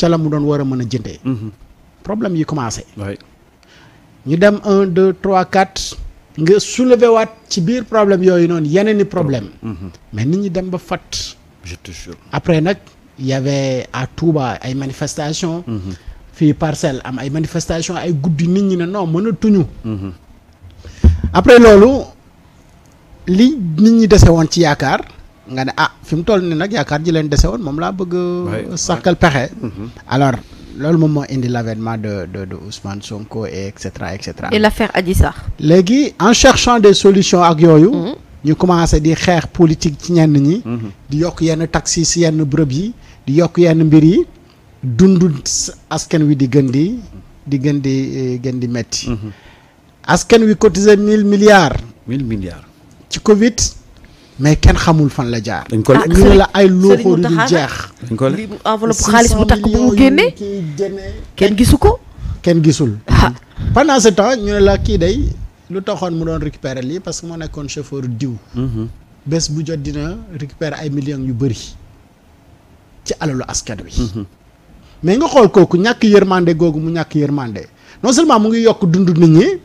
ca la mu doon war a mën a jëndee. Mhm. problème yi commencé. ñu dem un deux trois quatre. nga soulever waat ci biir problème yooyu noonu yeneen i problème mhm. mais nit ñi dem ba fat je après nag y avait à Touba ay manifestation mhm. fii parcelle am ay manifestation ay guddi nit ñi ne non mën a tuñu après loolu li nit ñi dese woon ci yaakaar nga ne ah fi toll ni nag yaakaar ji leen dese woon moom laa bëgg sàkkal pexe mhm. alors loolu moom moo indi l'avènement de de de Ousmane Sonko et et cetera et cetera. et l'affaire Adji léegi en cherchant des solution ak yooyu. Mhm. ñu commencé di xeex politique ci ñenn ñi. Mhm. di yokk yenn taxi si yenn bërëb yi di yokk yenn mbir yi dund askan wi di gën di di gën di eh, gën di metti askan wi cotiser mille milliards. mille milliards. ci Covid. mais kenn xamul fan la jaar. dañ ko ah, ñu ne la ay looxoo du jeex. dañ ko lekk enveloppe xaalis bu takk bu mu génnee kenn gisu ko. kenn gisul. Ah. pendant ce temps ñu ne la kii day lu taxoon mu doon récupérer lii parce que moo nekkoon chauffeur diw. Mhm. bés bu jot dina récupérer ay millions yu bëri ci alalu askan wi. Mhm. mais nga xool kooku ñàkk yërmande googu mu ñàkk yërmande non seulement mu ngi yokk dund nit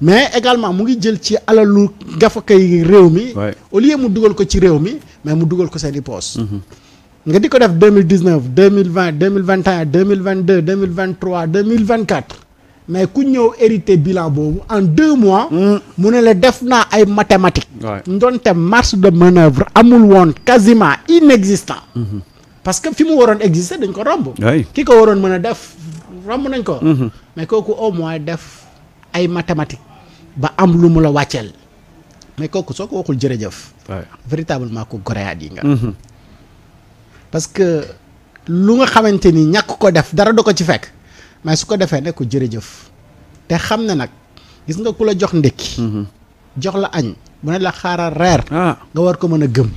mais également mu ngi jël ci alalu gafakay réew mi. au lieu mu dugal ko ci réew mi mais mu dugal ko seeni poos mm-hmm. nga di ko def deux mille dix neuf deux mille vingt deux mille vingt un deux mille vingt deux deux mille vingt trois deux mais ku ñëw hérité bilan boobu en deux mois. Mm. mu ne la def naa ay mathématiques. ndonte marge de manœuvre amul woon quasiment inexistant. Mm-hmm. parce que fi mu waroon exister dañ ko romb. ki ko waroon mën a def romb nañ ko. Mm-hmm. mais kooku au moins def ay mathématiques. ba am lu mu la wàcceel mais kooku soo ko waxul jërëjëf. véritablement ko goréyaat yi nga. Mm-hmm. parce que lu nga xamante ni ñàkk ko def dara du ko ci fekk mais su ko defee ne ko jërëjëf te xam ne nag gis nga ku la jox ndékki. Mm-hmm. jox la añ bu ne la xaaral reer. Ah. nga war ko mën a gëm.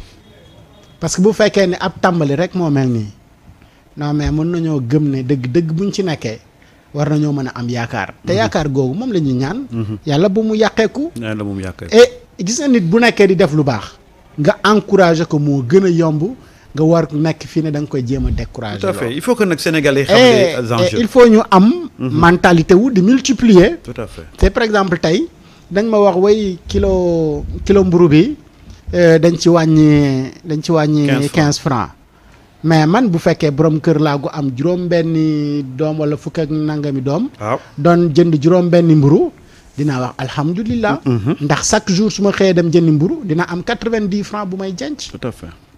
parce que bu fekkee ne ab tàmbali rek moo mel nii non mais mën nañoo gëm ne dëgg dëgg bu ñu ci nekkee. war nañoo mën a am yaakaar. te mhm. yaakaar googu moom la ñuy ñaan. Mhm. yàlla bu mu yàqeeku. yàlla bu mu yàqeeku gis na nit bu nekkee di def lu baax. nga encouragé ko moo gën a yomb nga war nekk fii ne da nga koy jéem a découragé. tout à fait il faut que nag sénégalais xam les enjeux il faut ñu am. Mhm. mentalité wu di multiplier. tout à par exemple tey dañ ma wax way kilo kilo mburu bi euh, dañ ci wàññi dañ ci wàññi. quinze francs mais man bu fekkee borom kër laa gu am juróom-benni doom wala fukk ak nangami doom. doon jënd juróom-benni mburu dinaa wax alhamdulilah. Mhm. ndax chaque jour su ma xëyee dem jëndi mburu dina am quatre-vingt-dix bu may jenc tout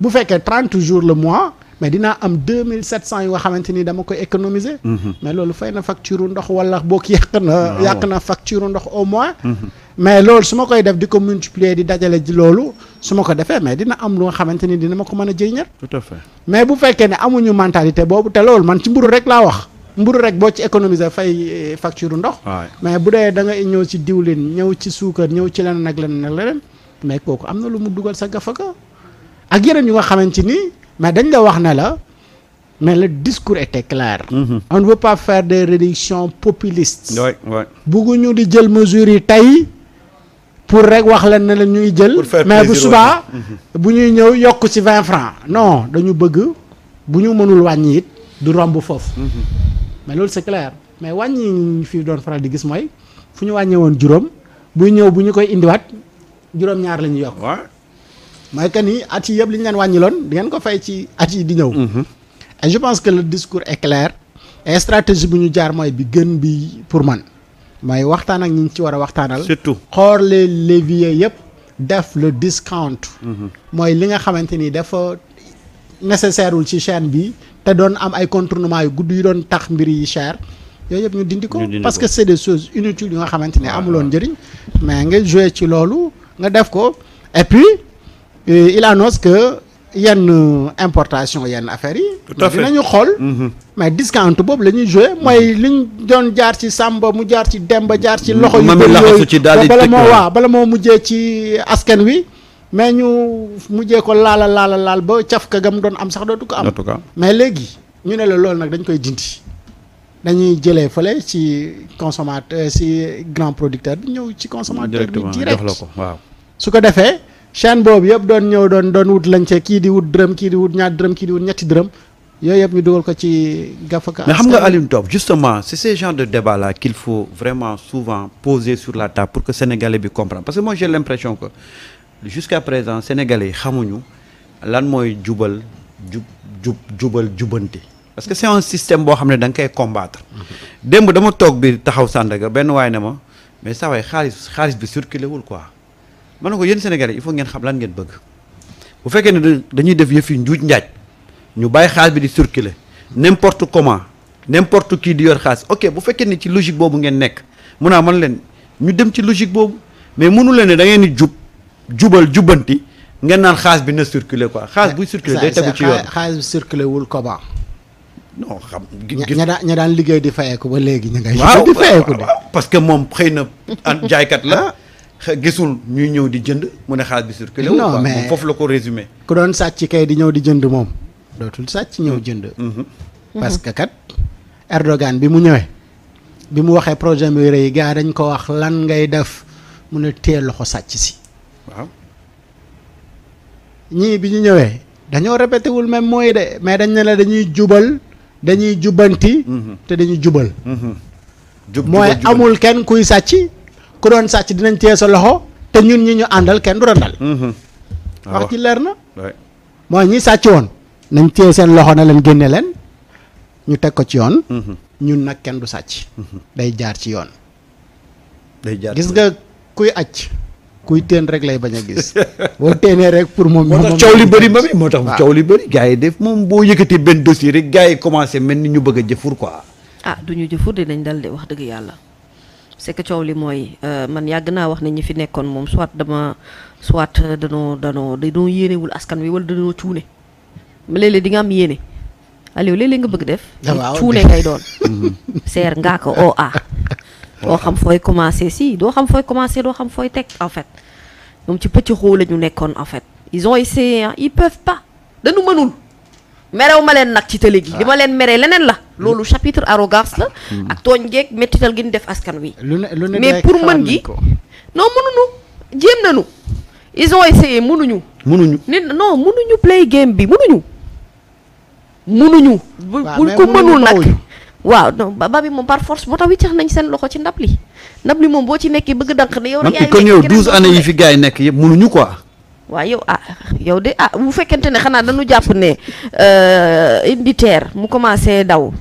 bu fekkee trente jours le mois. mais dinaa am deux mille sept cent yoo xamante ni dama koy économiser. Mhm. mais loolu fay na facture ndox wala boog yàq na. Ah yàq na facture ndox au moins. Mhm. mais loolu su ma koy def di ko multiplier di dajale ji loolu. su ma ko defee mais dina am lu nga xamante ni dina ma ko mën a jëriñal. tout à fait mais bu fekkee ne amuñu mentalité boobu te loolu man ci mburu rek laa wax. mburu rek boo ci économiser fay eh, facture ndox. mais bu dee da nga ñëw ci diwlin ñëw ci suukar ñëw ci leneen ak leneen ak leneen mais kooku am na lu mu dugal sa gafaka ak yeneen yu nga xamante ni mais dañ la wax ne la mais le discours était clair. Mmh. on ne veut pas faire des réductions populistes. waay di jël mesures yi tey. pour rek wax leen ne la ñuy jël mais bu subaa bu ñuy ñëw yokk ci vingt francs non dañu bëgg bu ñu mënul wàññi it du romb foofu mhm. mais loolu c'est clair mais wàññi ñu fi doon faral di gis mooy fu ñu wàññee woon juróom buy ñëw bu ñu koy indiwaat juróom-ñaar la ñuy yokk mooy que ni at yi yëpp li ñu leen wàññiloon di ngeen ko fay ci at yi di ñëw mhm. et je pense que le discours est clair et stratégie bu ñu jaar mooy bi gën bi pour man may waxtaan ak ñi ci war a waxtaanal. surtout xool les leviers yëpp def le discount. Mhm. mooy li nga xamante ni dafa nécessaire wul ci chaîne bi te doon am ay contournement yu gudd yu doon tax mbir yi cher. yooyu yëpp ñu dindi ko parce que c'est des choses inutiles yu nga xamante ne amuloon njariñ mais nga joué ci loolu nga def ko et puis euh, il annonce que. yenn importation yenn affaires yi. tout à fait dinañu xool. Mhm. mais discount boobu la ñuy joué mhm. mooy liñ doon jaar ci Samba mu jaar ci Demba jaar ci. loxo yu bëri yooyu bala moo bala moo mujjee ci askan wi. mais ñu mujjee ko laala laala laal ba caf ka gam doon am sax dootu ko am. mais léegi ñu ne la loolu nag dañ koy dindi. dañuy jëlee fale ci consommateur ci grand producteur bi ñëw ci consommateur bi direct ko waaw su ko defee. chaîne boobu yëpp doon ñëw doon doon wut lañ ca kii di wut dërëm kii di wut ñaar dërëm kii di wut ñetti dërëm yooyu yëpp ñu dugal ko ci gafaka. mais xam nga Alioune Top justement c'est ce genre de débat là qu'il faut vraiment sur la table pour que sénégalais bi comprenne parce que moi j'ai l'impression que jusqu'à présent sénégalais yi xamuñu lan mooy jubal jub jub jubal jubante. parce que c'est un système boo xam ne danga nga koy combattre. Mm-hmm. démb dama toog bi taxaw Sandaga benn waay ne ma mais saa xaalis xaalis bi circulé wul quoi. ma ne ko yéen sénégalais il faut ngeen xam lan ngeen bëgg bu fekkee ne dañuy def yëf yi njuuj njaaj ñu bàyyi xaalis bi di circuler n'importe comment n'importe qui di yor xaalis ok bu fekkee ne ci logique boobu ngeen nekk mun naa ah, man leen ñu dem ci logique boobu mais mënu leen ne da ngeen di jub jubal jubanti ngeen naan xaalis bi na circuler quoi xaalis buy circuler day tegu ci yoon xaalis bi circuler wul koba non xam ña daan ña daan liggéey di fayeeku ba léegi ñu ngay waaw di fayeeku parce que moom xëy na jaaykat la gisul ñuy ñëw di jënd mu ne xaalis bi circulé non mais foofu la ko résumé ku doon sàcc kay di ñëw di jënd moom dootul sàcc ñëw mm-hmm. jënd mm-hmm. parce que kat Erdogan bi mu ñëwee bi mu waxee projet bi yi gaa dañ ko wax lan ngay def mu ne téye loxo sàcc si ñii bi ñu ñëwee dañoo répété wul même mooy de mais dañ ne la dañuy jubal dañuy jubanti mm-hmm. te dañuy jubal mooy amul kenn kuy sàcc ku doon sàcc dinañ téye sa loxo te ñun ñi ñu àndal kenn du randal mhm. wax ci leer na mooy ñi sàcc woon nañ téye seen loxo na leen génne leen ñu teg ko ci yoon mhm. ñun nag kenn du sàcc mhm. day jaar ci yoon day jaar gis nga kuy acc kuy teen rek lay bañ a gis boo teenee rek pour moom moo tax coow li bëri ma mi moo tax coow li bëri gars yi def moom boo yëkkatee benn dossier rek gars yi commencé mel ni ñu bëgg a jëfur ko ah du ñu jëfur de dañ dal de wax dëgg yàlla c'est que coow li mooy euh, man yàgg naa wax na ñi fi nekkoon moom soit dama soit danoo danoo danoo yéenewul askan wi wala danoo cuune ma léeg-léeg am yéene Aliou léeg nga bëgg def ah, cuune ngay doon mm-hmm. seer ngaa ko o a doo xam fooy commencer si doo xam fooy commencer doo xam fooy teg en moom ñoom ci pëcc xoo la ñu nekkoon en fait ils ont essayé ils pas dañu mënul merew ma leen nag ci télé gi ah. li ma leen meree leneen la loolu chapitre arrogance la hmm. ak tooñ geeg mettital gi ñu def askan wi mais pour mën gi non mënuñu jéem nañu ils ont essayé mënuñu mënuñu nit non mënuñu play game bi mënuñu mënuñu buñ ko mënul nag waaw non ba bi moom par force boo tax wiccax nañ seen loxo ci ndab li ndab li moom boo ci nekkee bëgg dànq ne yow kon yow douze années yi fi gars yi nekk yëpp mënuñu quoi waa yow ah yow de ah bu fekkente ne xanaa dañu jàpp ne euh, indi terre mu commencé daw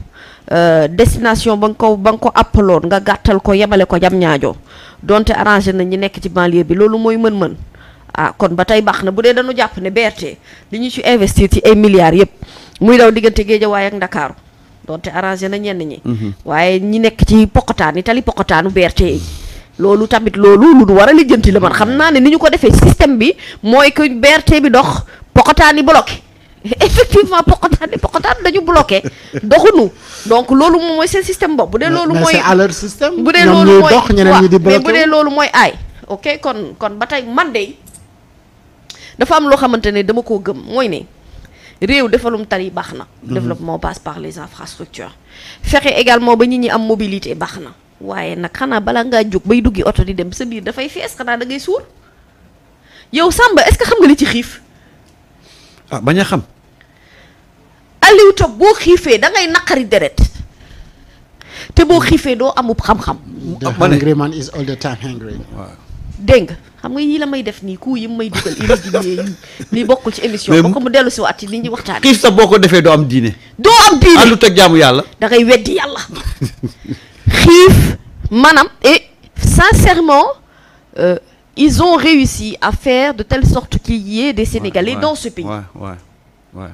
euh, destination ba nga ko ba nga ko àppaloon nga gàttal ko yemale ko jam ñaajo donte arrangé na ñi nekk ci banlieue bi loolu mooy mën-mën ah kon ba tey baax na bu dee dañu jàpp ne BRT li ñu ci investir ci ay milliards yëpp muy daw diggante Géejawaay ak Ndakaaru donte arrangé na ñenn ñi mhm. waaye ñi nekk ci poqotaan yi tali poqotaanu BRT yi loolu tamit loolu lu du war a lijjanti la man xam naa ne ni ñu ko defee système bi mooy que BRT bi dox pokotaani bloqué effectivement pokotaani pokotaan dañu bloqué doxunu donc loolu moom mooy seen système boobu bu dee loolu mooy c'est à leur système bu dee loolu mooy dox ñeneen ñi di loolu mooy aay ok kon kon ba tey man de dafa am loo xamante ne dama koo gëm mooy ne réew defalum tali baax na mhm. développement passe par les infrastructures fexe également ba nit ñi am mobilité baax na waaye nag xanaa balaa ngaa jóg bay duggi oto di dem sa biir dafay fees xanaa da ngay suur yow Samba est xam nga li ci xiif. ah bañ a xam. Aliou boo xiifee da naqari deret te boo xiifee doo amut xam-xam. the ah, hungry man is all the nga xam nga yii la may def nii ku yi may dugal irrégulier yi li bokkul ci émission ba ko mu dellu si ci li ñuy waxtaan xiif sa boo ko defee doo am diine. doo am diine àndut ak jaamu yàlla. da ngay weddi yàlla. xiif maanaam et sincèrement euh, ils ont réussi à faire de telle sorte qu'il y ait des Sénégalais ouais, ouais, dans ce pays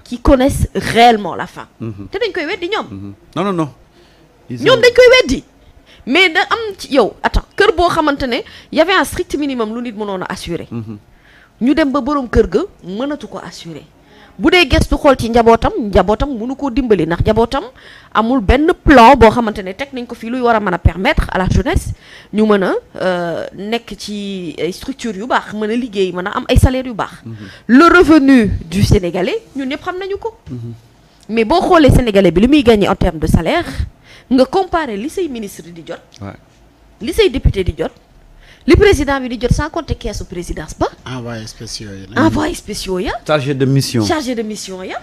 qui connaissent réellement la faim mm-hmm. te dañ koy weddi ñoom mm-hmm. non non non ñoom dañ koy weddi mais da am ci yow attends kër boo xamante ne y avait un strict minimum lu nit mënoon a assurer mm-hmm. ñu dem ba boroom kër ga mënatu ko assurer bu dee gestu xool ci njabootam njabootam nu koo dimbali ndax njabootam amul benn plan boo xamante ne teg nañ ko fii luy war a mën a permettre à la jeunesse ñu mën a euh, nekk ci ay structures yu baax mën a liggéey mën a am ay salaires yu baax. Mm-hmm. le revenu du sénégalais ñun ñëpp xam nañu ko. Mm-hmm. mais boo xoolee sénégalais bi li muy gagné en terme de salaire nga comparer li say ministre di jot. li say député di jot. li président bi di jot sans compter keesu présidence ba. envoyé spéciaux ya. envoyé spéciaux ya. chargé de mission chargé de mission ya.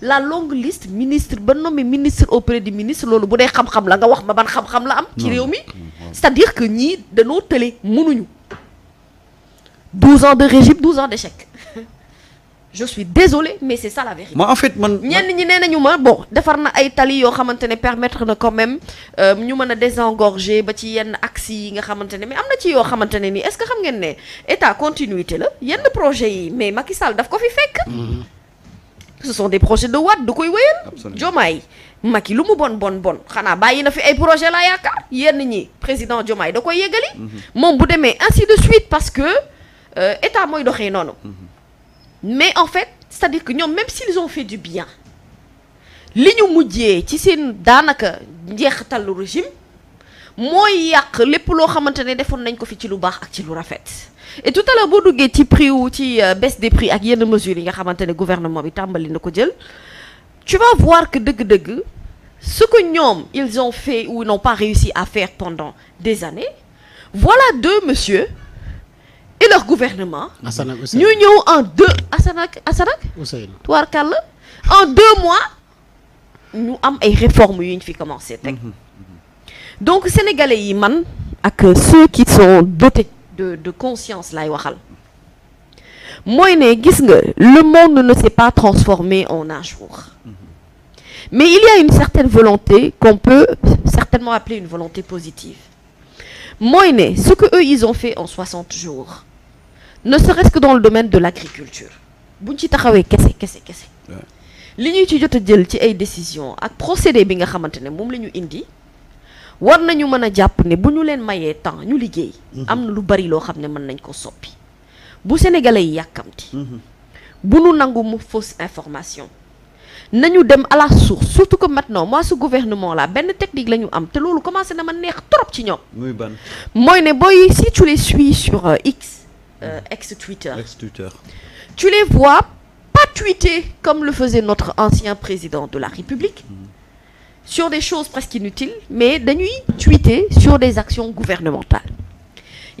la longue liste ministre ba nommé ministre auprès du ministre loolu bu dee xam-xam la nga wax ma ban xam-xam la am. ci réew mi c'est-à-dire que ñii dañoo tële mënuñu. 12 ans de régime 12 ans d'échec. je suis désolé mais c'est ça la vérité. ma en fait man ñenn ñi nee nañu ma bon defar na ay tali yoo xamante ne permettre na quand même euh, ñu mën a désengorger ba ci yenn axes yi nga xamante ne mais am na ci yoo xamante ne nii est-ce que xam ngeen ne état continuité la yenn projet yi mais Macky Sall daf ko fi fekk. Mm-hmm. ce sont des projets de Wade du koy wéyal. Diomaye Macky lu mu bon bon bon xanaa bàyyi na fi ay projet la yaakaar yenn ñi président Diomaye da koy yeggali. Mm-hmm. moom bu demee ainsi de suite parce que euh, état mooy doxee noonu. Mm-hmm. mais en fait c'est-à-dire que ñoom même s'ils ont fait du bien li ñu mujjee ci seen daanaka njeextalu régime mooy yàq lépp loo xamante ne defoon nañ ko fi ci lu baax ak ci lu rafet et tout à boo duggee ci prix wu ci euh, baisse des prix ak yenn mesures yi nga xamante ne gouvernement bi tàmbali na ko jël tu vas voir que dëgg-dëgg ce que ñoom ils ont fait ou n'ont pas réussi à faire pendant des années voilà deux messieurs et leur gouvernement. Assane ak Ousseynou ñu ñëw en deux Assane ak Assane ak. mois ñu am ay réformes yu ñu fi commencé teg. Mhm. donc sénégalais yi man ak ceux qui sont dotés de de conscience lay waxal mooy ne gis nga le monde ne s'est pas transformé en un jour. Mhm. mais il y a une certaine volonté qu'on peut certainement appeler une volonté positive mooy ne ce que eux ont fait en jours ne serait-ce que dans le domaine de l'agriculture buñ ci taxawee kese kese kese li ñuy ci jot a jël ci ay décision ak procédé bi nga xamante ne moom lañu indi war nañu mën a jàpp ne bu ñu leen mayee temps ñu liggéey mhm. am na lu bari loo xam ne mën nañ ko soppi bu sénégalais yi yàkkamti mhm. bu nu nangu mu fausse information nañu dem à la source surtout que maintenant moi ce gouvernement laa benn technique la ñu am te loolu commencé na ma neex trop ci ñoom mooy ne euh, ex-Twitter. Ex-Twitter. Tu les vois pas tweeter comme le faisait notre ancien président de la République mmh. sur des choses presque inutiles, mais dañuy tweeter sur des actions gouvernementales.